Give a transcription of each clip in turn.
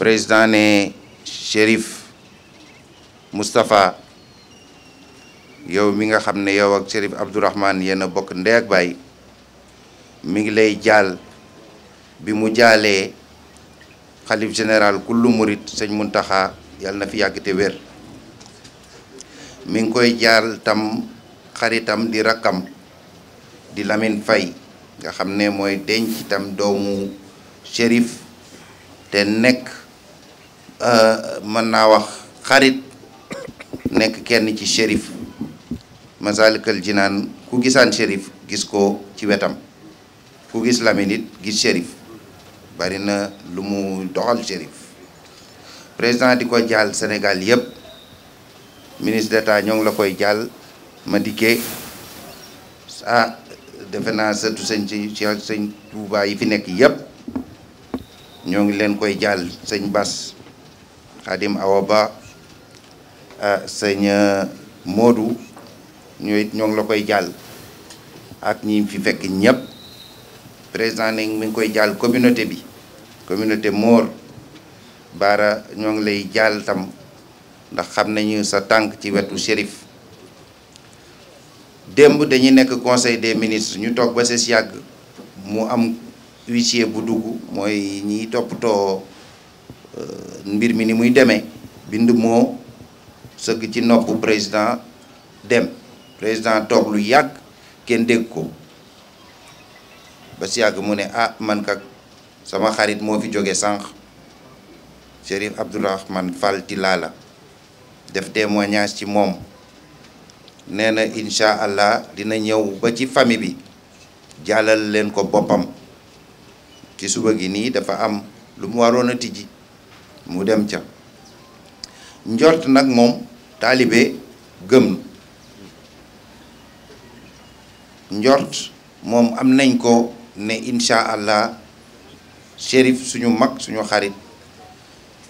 président ne Chérif Moustapha yow mi nga xam ne yow ak Chérif Abdourahmane yéen bokk ndey ak baay mi ngi lay jaal bi mu jaalee xalif général kullu murit sëñ Muntaxa yàlla na fi yàgg te wér mi ngi koy jaal tam xaritam di rakkam di lamin Faye nga xam ne mooy denc itam doomu shérif te nekk euh, mën naa wax xarit nekk kenn ci shérif Masalikal Jinaan ku gisaan shérif gis ko ci wetam ku gis laminit gis shérif bari na lu mu doxal shérif président di ko jaal Sénégal yépp ministre d'État ñoo ngi la koy jaal ma ah defe naa sëtu sëñ ci sëñ Touba yi fi nekk yëpp ñoo ngi leen koy jàll sëñ Bas Xadim Awa Ba sëñ Modou ñoo ngi la koy jàll ak ñi fi fekk ñëpp président ne mi ngi koy jàll communauté bi communauté Mor Baara ñoo ngi lay jàll tam ndax xam nañu sa tànk ci wetu shérif. dem dañuy nek conseil des ministres ñu tok ba ses yag mu am huissier bu dugg mooy ñiy toppatoo euh, mbir mi ni muy démé bind mo seug ci nopp président dem président tok lu yag kenn dégg ko ba ses yag mu ne ah man kak sama xarit mo fi jóge sànq Abdul Rahman Fall Tilala def témoignage ci mom nee na incha allah dina ñëw ba ci famille bi jàllal leen ko boppam ci suba gi nii dafa am lu mu waroon a tijji mu dem ca njort nag moom taalibe gëm njort moom am nañ ko ne incha allah shérif suñu mag suñu xarit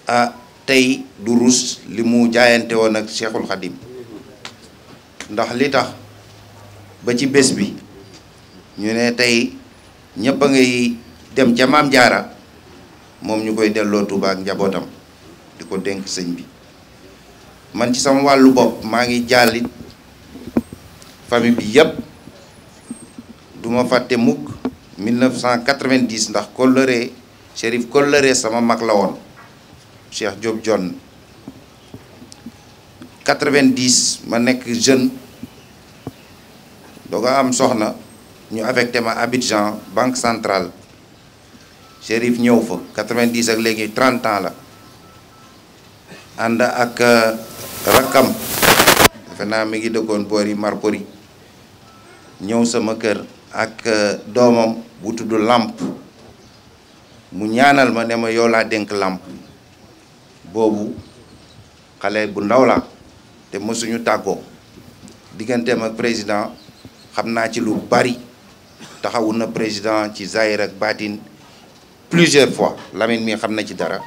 ah tey du li mu jaayante woon ak Cheikhul Khadim ndax li tax ba ci bés bi ñu ne tey ñëpp a ngay dem ca maam jaara moom ñu koy delloo tubaab njabootam di ko dénk sëñ bi man ci sama wàllu bopp maa ngi jàllit famille bi yëpp duma fàtte mukk 1990 ndax kollëre Chérif kollëre sama mag la woon Cheikh Diop John 90 ma nekk jeune dooga am soxna ñu affecté ma Abidjan banque centrale Chérif ñëw fa 90 ak léegi 30 ans la ànd ak euh, rakkam defe naa mi ngi dëkkoon boori Marpori ñëw sama kër ak euh, doomam bu tudd làmp mu ñaanal ma ne ma yow laa dénk làmp bu ndaw la ma président xamna ci lu bari taxawu président ci ak plusieurs fois Lamine mi xamna ci dara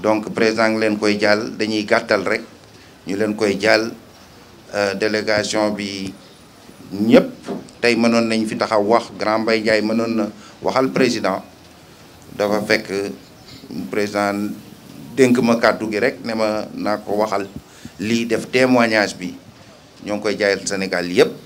donc président ngi leen koy jall dañuy gattal rek ñu koy euh, délégation bi ñëpp tay mënon nañ fi taxaw wax Grand waxal président dafa fekk président dénk ma kàddu gi rek ne ma naa ko waxal lii def témoignage bi ñoo ngi koy jaayal Sénégal yëpp.